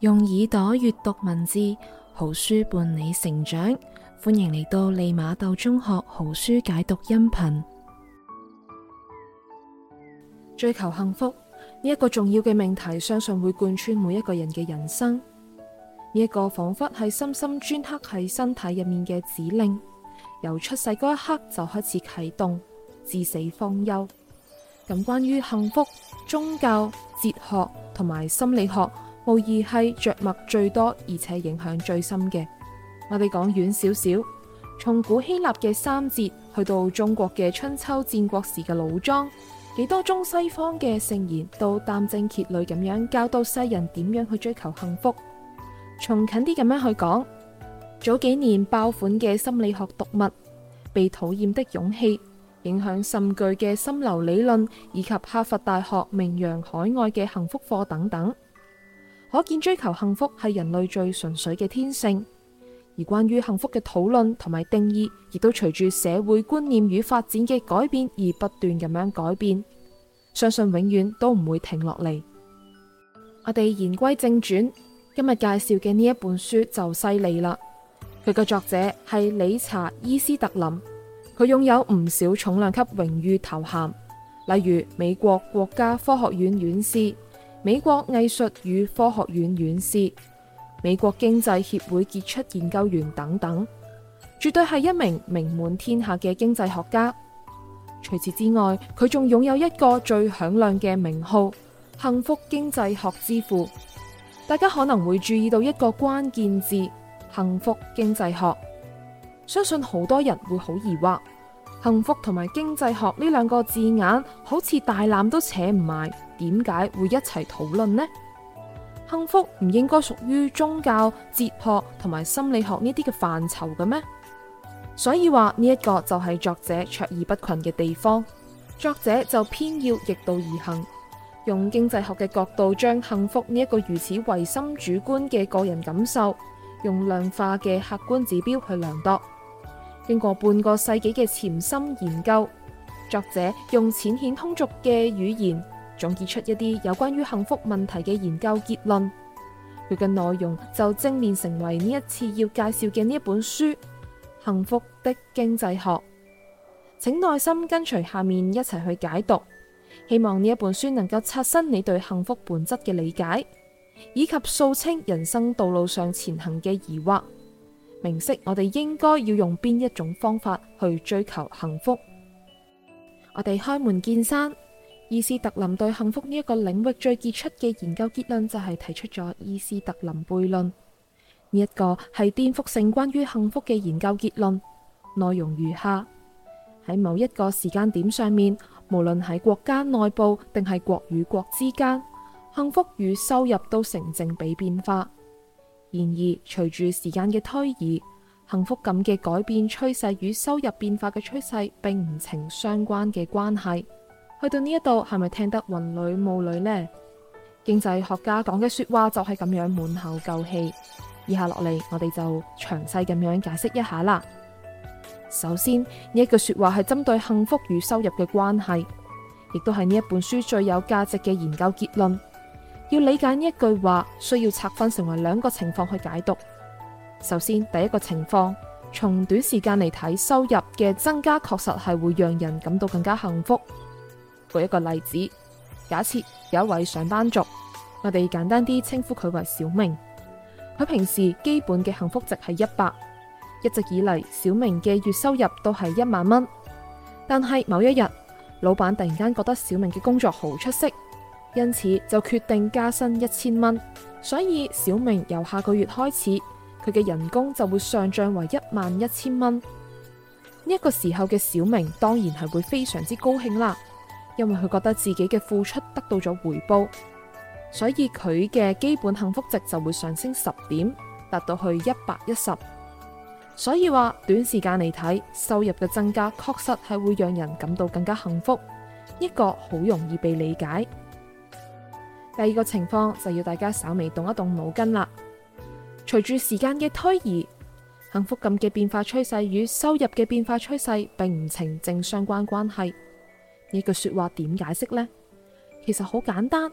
用耳朵閱讀文字，好書伴你成長。歡迎嚟到利馬竇中學好書解讀音頻。追求幸福呢一，這個重要嘅命題，相信會貫穿每一個人嘅人生。呢、這、一個仿佛係深深鐫刻喺身體入面嘅指令，由出世嗰一刻就開始啟動，至死方休。咁關於幸福，宗教、哲學同埋心理學，無疑係着墨最多，而且影響最深嘅。我哋講遠少少，從古希臘嘅三節去到中國嘅春秋戰國時嘅老莊，幾多中西方嘅聖賢都殫精竭慮咁樣教導世人點樣去追求幸福。從近啲咁樣去講，早幾年爆款嘅心理學讀物《被討厭的勇氣》，影響甚巨嘅心流理論，以及哈佛大學名揚海外嘅幸福課等等。可見追求幸福係人類最純粹嘅天性，而關於幸福嘅討論同埋定義，亦都隨住社會觀念與發展嘅改變而不斷咁樣改變，相信永遠都唔會停落嚟。我哋言歸正傳，今日介紹嘅呢一本書就犀利啦，佢嘅作者係理查伊斯特林，佢擁有唔少重量級榮譽頭銜，例如美國國家科學院院士、美國藝術與科學院院士、美國經濟協會傑出研究員等等，絕對係一名名滿天下嘅經濟學家。除此之外，佢仲擁有一個最響亮嘅名號——幸福經濟學之父。大家可能會注意到一個關鍵字：幸福經濟學。相信好多人會好疑惑。幸福同埋經濟學呢兩個字眼，好似大纜都扯唔埋，點解會一齊討論呢？幸福唔應該屬於宗教、哲學同埋心理學呢啲嘅範疇嘅咩？所以話呢一個就係作者卓爾不群嘅地方，作者就偏要逆道而行，用經濟學嘅角度將幸福呢一個如此唯心主觀嘅個人感受，用量化嘅客觀指標去量度。經過半個世紀嘅潛心研究，作者用淺顯通俗嘅語言總結出一啲有關於幸福問題嘅研究結論。佢嘅內容就正面成為呢一次要介紹嘅呢一本書《幸福的經濟學》。請耐心跟隨下面一齊去解讀，希望呢一本書能夠刷新你對幸福本質嘅理解，以及掃清人生道路上前行嘅疑惑。明識我哋應該要用邊一種方法去追求幸福。我哋開門見山，伊斯特林對幸福呢一個領域最傑出嘅研究結論就係提出咗伊斯特林悖論，呢一個係顛覆性關於幸福嘅研究結論。內容如下：喺某一個時間點上面，無論喺國家內部定係國與國之間，幸福與收入都成正比變化。然而，隨住時間嘅推移，幸福感嘅改變趨勢與收入變化嘅趨勢並唔呈相關嘅關係。去到呢一度，係咪聽得雲裏霧裏呢？經濟學家講嘅說話就係咁樣滿口舊氣。以下落嚟，我哋就詳細咁樣解釋一下啦。首先，呢一句說話係針對幸福與收入嘅關係，亦都係呢一本書最有價值嘅研究結論。要理解呢一句話，需要拆分成為兩個情況去解讀。首先，第一個情況，從短時間嚟睇，收入嘅增加確實係會讓人感到更加幸福。舉一個例子，假設有一位上班族，我哋簡單啲稱呼佢為小明，佢平時基本嘅幸福值係一百，一直以嚟小明嘅月收入都係一萬蚊。但係某一日，老闆突然間覺得小明嘅工作好出色。因此就決定加薪一千蚊，所以小明由下個月開始，佢嘅人工就會上漲為一萬一千蚊。呢一個時候嘅小明當然係會非常之高興啦，因為佢覺得自己嘅付出得到咗回報，所以佢嘅基本幸福值就會上升十點，達到去一百一十。所以話短時間嚟睇，收入嘅增加確實係會讓人感到更加幸福，呢個好容易被理解。第二個情況就要大家稍微動一動腦筋啦。隨住時間嘅推移，幸福感嘅變化趨勢與收入嘅變化趨勢並唔呈正相關關係。呢句說話點解釋呢？其實好簡單，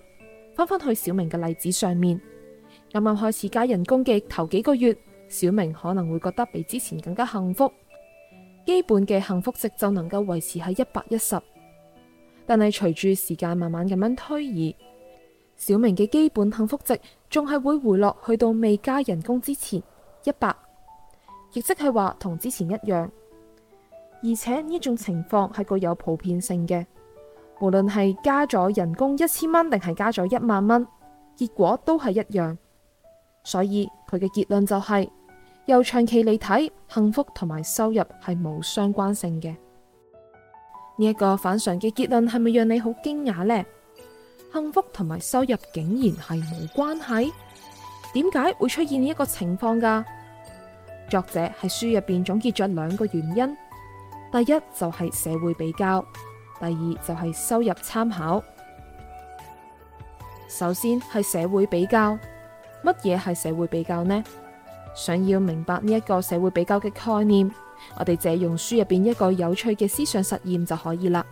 翻返去小明嘅例子上面，啱啱開始加人工嘅頭幾個月，小明可能會覺得比之前更加幸福，基本嘅幸福值就能夠維持喺一百一十。但係隨住時間慢慢咁樣推移。小明嘅基本幸福值仲係會回落去到未加人工之前一百，亦即係話同之前一樣。而且呢種情況係具有普遍性嘅，無論係加咗人工一千蚊定係加咗一萬蚊，結果都係一樣。所以佢嘅結論就係、是、由長期嚟睇，幸福同埋收入係冇相關性嘅。呢、這、一個反常嘅結論係咪讓你好驚訝呢？幸福同埋收入竟然係冇關係，點解會出現呢一個情況噶？作者喺書入邊總結咗兩個原因，第一就係社會比較，第二就係收入參考。首先係社會比較，乜嘢係社會比較呢？想要明白呢一個社會比較嘅概念，我哋借用書入邊一個有趣嘅思想實驗就可以啦。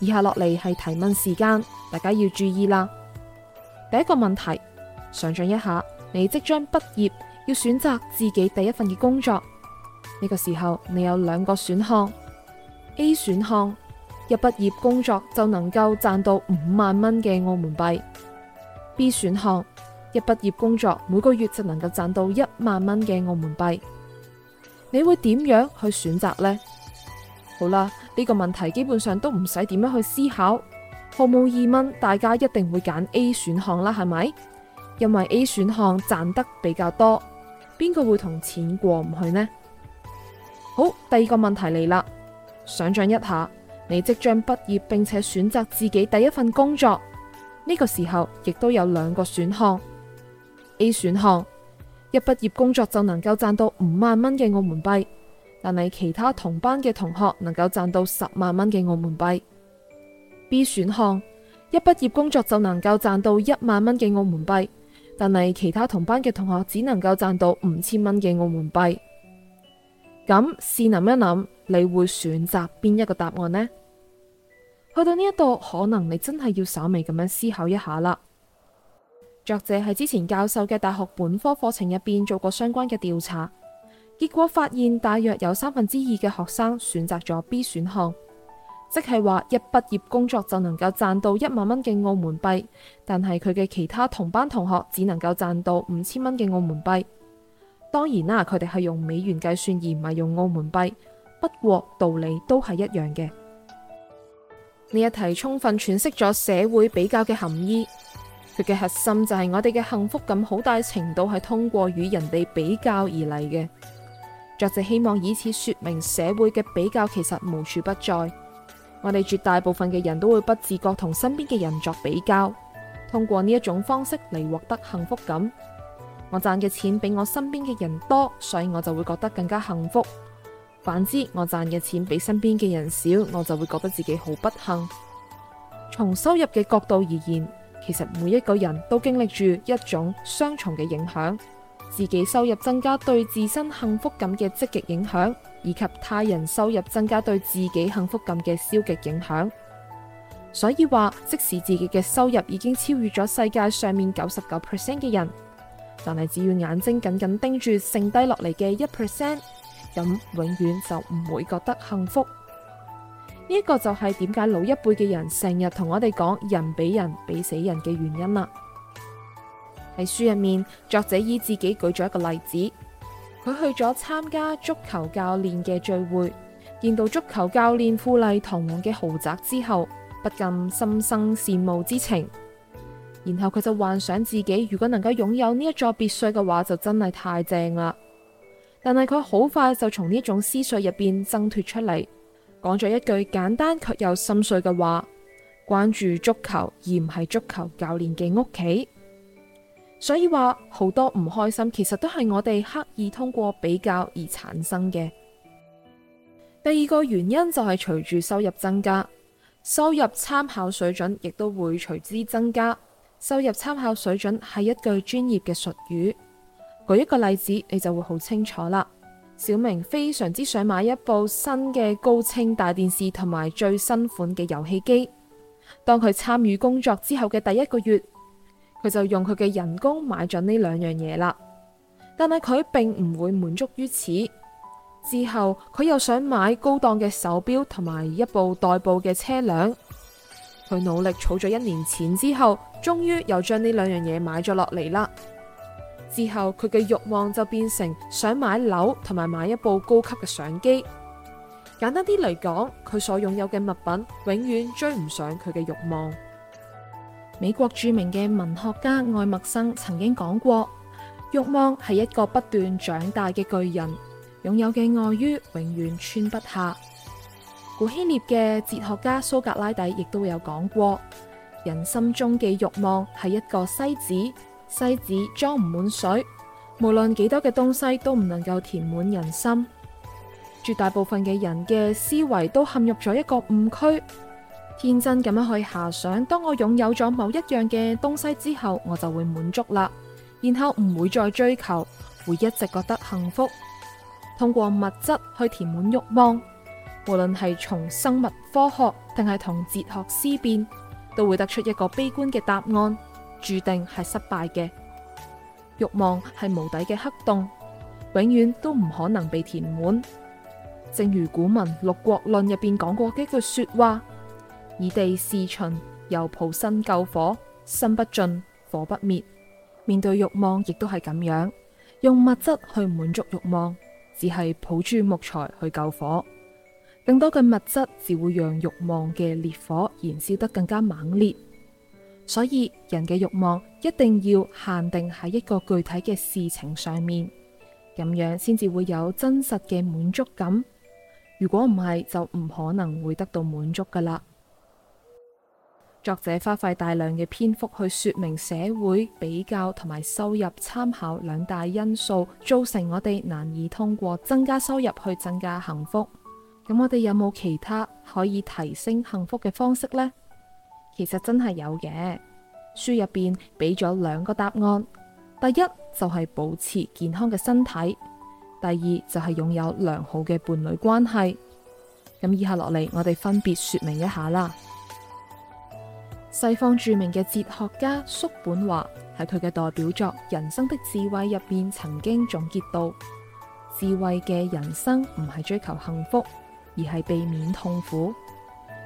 以下落嚟係提問時間，大家要注意啦。第一個問題，想象一下，你即將畢業，要選擇自己第一份嘅工作。呢個時候，你有兩個選項：A 選項，一畢業工作就能夠賺到五萬蚊嘅澳門幣；B 選項，一畢業工作每個月就能夠賺到一萬蚊嘅澳門幣。你會點樣去選擇呢？好啦。呢個問題基本上都唔使點樣去思考，毫無疑問，大家一定會揀 A 選項啦，係咪？因為 A 選項賺得比較多，邊個會同錢過唔去呢？好，第二個問題嚟啦，想象一下，你即將畢業並且選擇自己第一份工作，呢個時候亦都有兩個選項：A 選項，一畢業工作就能夠賺到五萬蚊嘅澳門幣。但係其他同班嘅同學能夠賺到十萬蚊嘅澳門幣。B 選項，一畢業工作就能夠賺到一萬蚊嘅澳門幣，但係其他同班嘅同學只能夠賺到五千蚊嘅澳門幣。咁試諗一諗，你會選擇邊一個答案呢？去到呢一度，可能你真係要稍微咁樣思考一下啦。作者喺之前教授嘅大學本科課程入邊做過相關嘅調查。結果發現，大約有三分之二嘅學生選擇咗 B 選項，即係話一畢業工作就能夠賺到一萬蚊嘅澳門幣，但係佢嘅其他同班同學只能夠賺到五千蚊嘅澳門幣。當然啦，佢哋係用美元計算而唔係用澳門幣，不過道理都係一樣嘅。呢一題充分詮釋咗社會比較嘅含義，佢嘅核心就係我哋嘅幸福感好大程度係通過與人哋比較而嚟嘅。作者希望以此說明，社會嘅比較其實無處不在。我哋絕大部分嘅人都會不自覺同身邊嘅人作比較，通過呢一種方式嚟獲得幸福感。我賺嘅錢比我身邊嘅人多，所以我就會覺得更加幸福。反之，我賺嘅錢比身邊嘅人少，我就會覺得自己好不幸。從收入嘅角度而言，其實每一個人都經歷住一種雙重嘅影響。自己收入增加對自身幸福感嘅積極影響，以及他人收入增加對自己幸福感嘅消極影響。所以話，即使自己嘅收入已經超越咗世界上面九十九 percent 嘅人，但係只要眼睛緊緊盯住剩低落嚟嘅一 percent，咁永遠就唔會覺得幸福。呢一個就係點解老一輩嘅人成日同我哋講人比人比死人嘅原因啦。喺書入面，作者以自己舉咗一個例子，佢去咗參加足球教練嘅聚會，見到足球教練富麗堂皇嘅豪宅之後，不禁心生羨慕之情。然後佢就幻想自己如果能夠擁有呢一座別墅嘅話，就真係太正啦。但係佢好快就從呢種思緒入邊掙脫出嚟，講咗一句簡單卻又心碎嘅話：關注足球而唔係足球教練嘅屋企。所以話好多唔開心，其實都係我哋刻意通過比較而產生嘅。第二個原因就係隨住收入增加，收入參考水準亦都會隨之增加。收入參考水準係一句專業嘅術語。舉一個例子，你就會好清楚啦。小明非常之想買一部新嘅高清大電視同埋最新款嘅遊戲機。當佢參與工作之後嘅第一個月。佢就用佢嘅人工買咗呢兩樣嘢啦，但係佢並唔會滿足於此。之後佢又想買高檔嘅手錶同埋一部代步嘅車輛。佢努力儲咗一年錢之後，終於又將呢兩樣嘢買咗落嚟啦。之後佢嘅慾望就變成想買樓同埋買一部高級嘅相機。簡單啲嚟講，佢所擁有嘅物品永遠追唔上佢嘅慾望。美國著名嘅文學家愛默生曾經講過，慾望係一個不斷長大嘅巨人，擁有嘅外衣永遠穿不下。古希臘嘅哲學家蘇格拉底亦都有講過，人心中嘅慾望係一個篩子，篩子裝唔滿水，無論幾多嘅東西都唔能夠填滿人心。絕大部分嘅人嘅思維都陷入咗一個誤區。天真咁樣去遐想，當我擁有咗某一樣嘅東西之後，我就會滿足啦，然後唔會再追求，會一直覺得幸福。通過物質去填滿慾望，無論係從生物科學定係同哲學思辨，都會得出一個悲觀嘅答案，注定係失敗嘅。慾望係無底嘅黑洞，永遠都唔可能被填滿。正如古文《六國論》入邊講過幾句說話。以地事秦，又抱薪救火，薪不盡，火不滅。面對欲望亦都係咁樣，用物質去滿足欲望，只係抱住木材去救火，更多嘅物質只會讓欲望嘅烈火燃燒得更加猛烈。所以人嘅欲望一定要限定喺一個具體嘅事情上面，咁樣先至會有真實嘅滿足感。如果唔係，就唔可能會得到滿足噶啦。作者花費大量嘅篇幅去說明社會比較同埋收入參考兩大因素造成我哋難以通過增加收入去增加幸福。咁我哋有冇其他可以提升幸福嘅方式呢？其實真係有嘅。書入邊俾咗兩個答案，第一就係保持健康嘅身體，第二就係擁有良好嘅伴侶關係。咁以下落嚟，我哋分別說明一下啦。西方著名嘅哲學家叔本華喺佢嘅代表作《人生的智慧》入邊，曾經總結到：智慧嘅人生唔係追求幸福，而係避免痛苦。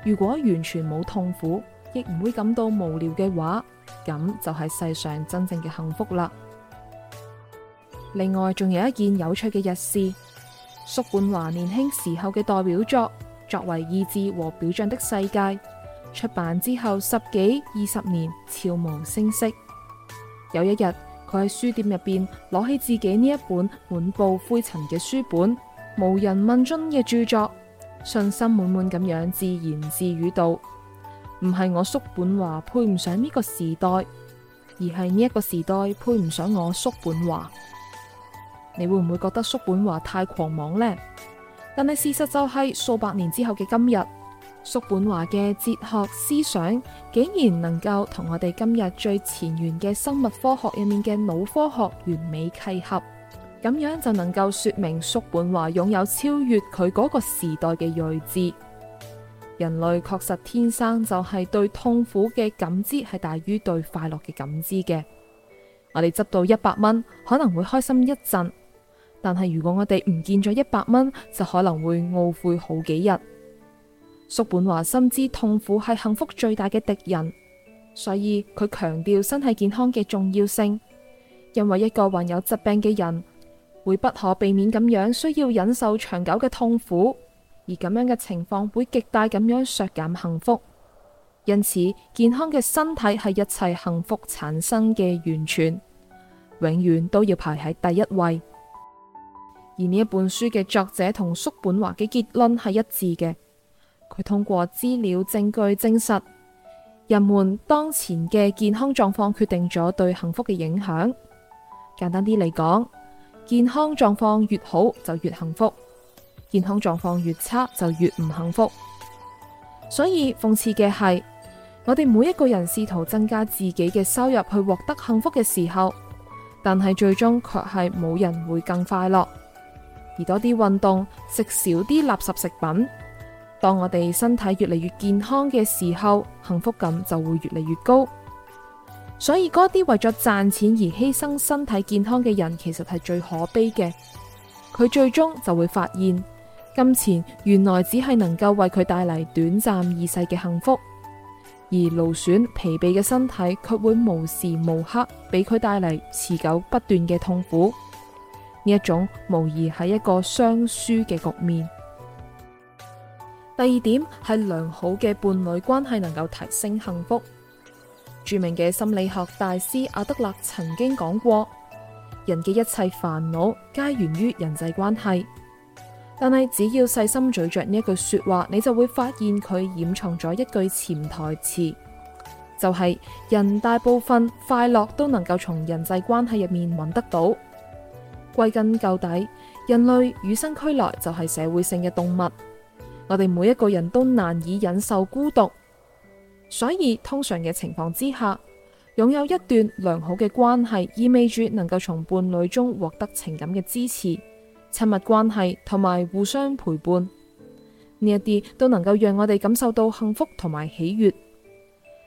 如果完全冇痛苦，亦唔會感到無聊嘅話，咁就係世上真正嘅幸福啦。另外，仲有一件有趣嘅日事：叔本華年輕時候嘅代表作《作為意志和表象的世界》。出版之後十幾二十年悄無聲息。有一日，佢喺書店入邊攞起自己呢一本滿布灰塵嘅書本，無人問津嘅著作，信心滿滿咁樣自言自語道：唔係我叔本華配唔上呢個時代，而係呢一個時代配唔上我叔本華。你會唔會覺得叔本華太狂妄呢？但係事實就係數百年之後嘅今日。叔本華嘅哲學思想竟然能夠同我哋今日最前沿嘅生物科學入面嘅腦科學完美契合，咁樣就能夠說明叔本華擁有超越佢嗰個時代嘅睿智。人類確實天生就係對痛苦嘅感知係大於對快樂嘅感知嘅。我哋執到一百蚊可能會開心一陣，但係如果我哋唔見咗一百蚊，就可能會懊悔好幾日。叔本華深知痛苦係幸福最大嘅敵人，所以佢強調身體健康嘅重要性。因為一個患有疾病嘅人會不可避免咁樣需要忍受長久嘅痛苦，而咁樣嘅情況會極大咁樣削減幸福。因此，健康嘅身體係一切幸福產生嘅源泉，永遠都要排喺第一位。而呢一本書嘅作者同叔本華嘅結論係一致嘅。佢通過資料證據證實，人們當前嘅健康狀況決定咗對幸福嘅影響。簡單啲嚟講，健康狀況越好就越幸福，健康狀況越差就越唔幸福。所以諷刺嘅係，我哋每一個人試圖增加自己嘅收入去獲得幸福嘅時候，但係最終卻係冇人會更快樂。而多啲運動，食少啲垃圾食品。當我哋身體越嚟越健康嘅時候，幸福感就會越嚟越高。所以嗰啲為咗賺錢而犧牲身體健康嘅人，其實係最可悲嘅。佢最終就會發現，金錢原來只係能夠為佢帶嚟短暫易逝嘅幸福，而勞損疲憊嘅身體卻會無時無刻俾佢帶嚟持久不斷嘅痛苦。呢一種無疑係一個雙輸嘅局面。第二點係良好嘅伴侶關係能夠提升幸福。著名嘅心理學大師阿德勒曾經講過，人嘅一切煩惱皆源於人際關係。但係只要細心咀嚼呢一句說話，你就會發現佢掩藏咗一句潛台詞，就係人大部分快樂都能夠從人際關係入面揾得到。歸根究底，人類與生俱來就係社會性嘅動物。我哋每一個人都難以忍受孤獨，所以通常嘅情況之下，擁有一段良好嘅關係，意味住能夠從伴侶中獲得情感嘅支持、親密關係同埋互相陪伴。呢一啲都能夠讓我哋感受到幸福同埋喜悦。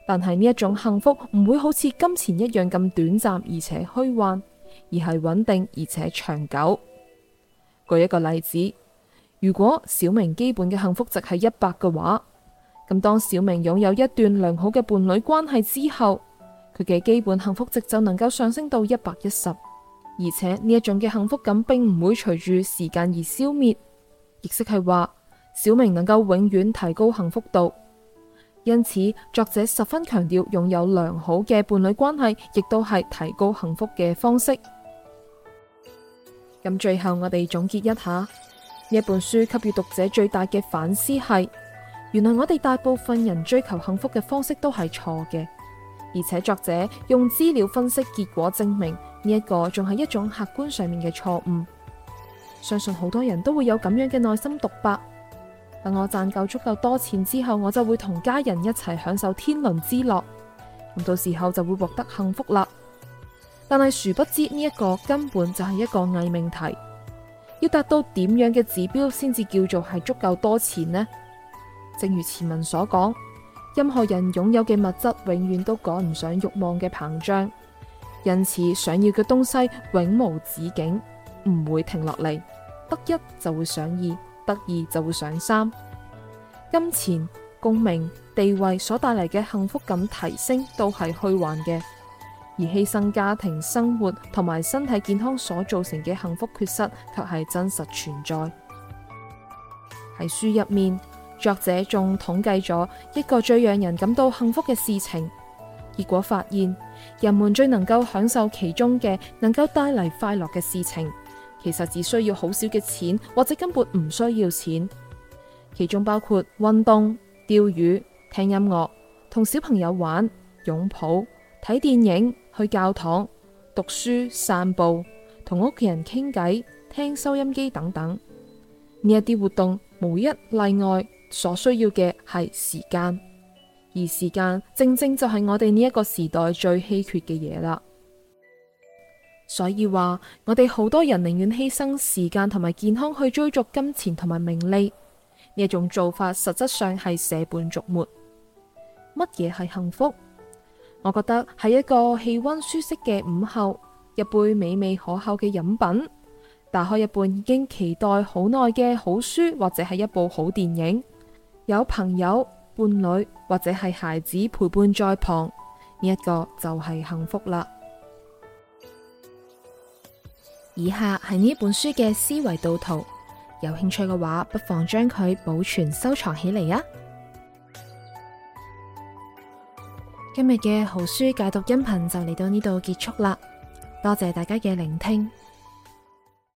但係呢一種幸福唔會好似金錢一樣咁短暫而且虛幻，而係穩定而且長久。舉一個例子。如果小明基本嘅幸福值係一百嘅話，咁當小明擁有一段良好嘅伴侶關係之後，佢嘅基本幸福值就能夠上升到一百一十，而且呢一種嘅幸福感並唔會隨住時間而消滅，亦即係話小明能夠永遠提高幸福度。因此，作者十分強調擁有良好嘅伴侶關係亦都係提高幸福嘅方式。咁最後我哋總結一下。呢本書給予讀者最大嘅反思係，原來我哋大部分人追求幸福嘅方式都係錯嘅，而且作者用資料分析結果證明，呢一個仲係一種客觀上面嘅錯誤。相信好多人都會有咁樣嘅內心獨白。等我賺夠足，足夠多錢之後，我就會同家人一齊享受天倫之樂，咁到時候就會獲得幸福啦。但係殊不知，呢一個根本就係一個僞命題。要達到點樣嘅指標先至叫做係足夠多錢呢？正如前文所講，任何人擁有嘅物質永遠都趕唔上慾望嘅膨脹，因此想要嘅東西永無止境，唔會停落嚟，得一就會上二，得二就會上三。金錢、功名、地位所帶嚟嘅幸福感提升都係虛幻嘅。而犧牲家庭生活同埋身體健康所造成嘅幸福缺失，卻係真實存在。喺書入面，作者仲統計咗一個最讓人感到幸福嘅事情，結果發現，人們最能夠享受其中嘅，能夠帶嚟快樂嘅事情，其實只需要好少嘅錢，或者根本唔需要錢。其中包括運動、釣魚、聽音樂、同小朋友玩、擁抱、睇電影。去教堂、讀書、散步、同屋企人傾偈、聽收音機等等呢一啲活動，無一例外所需要嘅係時間，而時間正正就係我哋呢一個時代最稀缺嘅嘢啦。所以話我哋好多人寧願犧牲時間同埋健康去追逐金錢同埋名利呢一種做法，實質上係捨本逐末。乜嘢係幸福？我覺得係一個氣溫舒適嘅午後，一杯美味可口嘅飲品，打開一本已經期待好耐嘅好書，或者係一部好電影，有朋友、伴侶或者係孩子陪伴在旁，呢一個就係幸福啦。以下係呢本書嘅思維導圖，有興趣嘅話，不妨將佢保存收藏起嚟啊！今日嘅好書解讀音頻就嚟到呢度結束啦，多謝大家嘅聆聽。